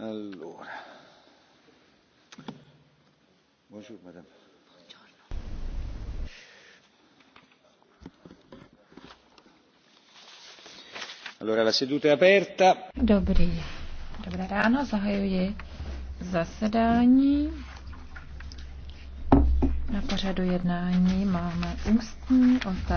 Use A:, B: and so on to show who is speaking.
A: Allora.
B: Buongiorno, madame.
C: Allora, la seduta è aperta.
D: Dobrý. Dobré ráno, zahajuji zasedání. Na pořadu jednání máme
E: ústní otázky.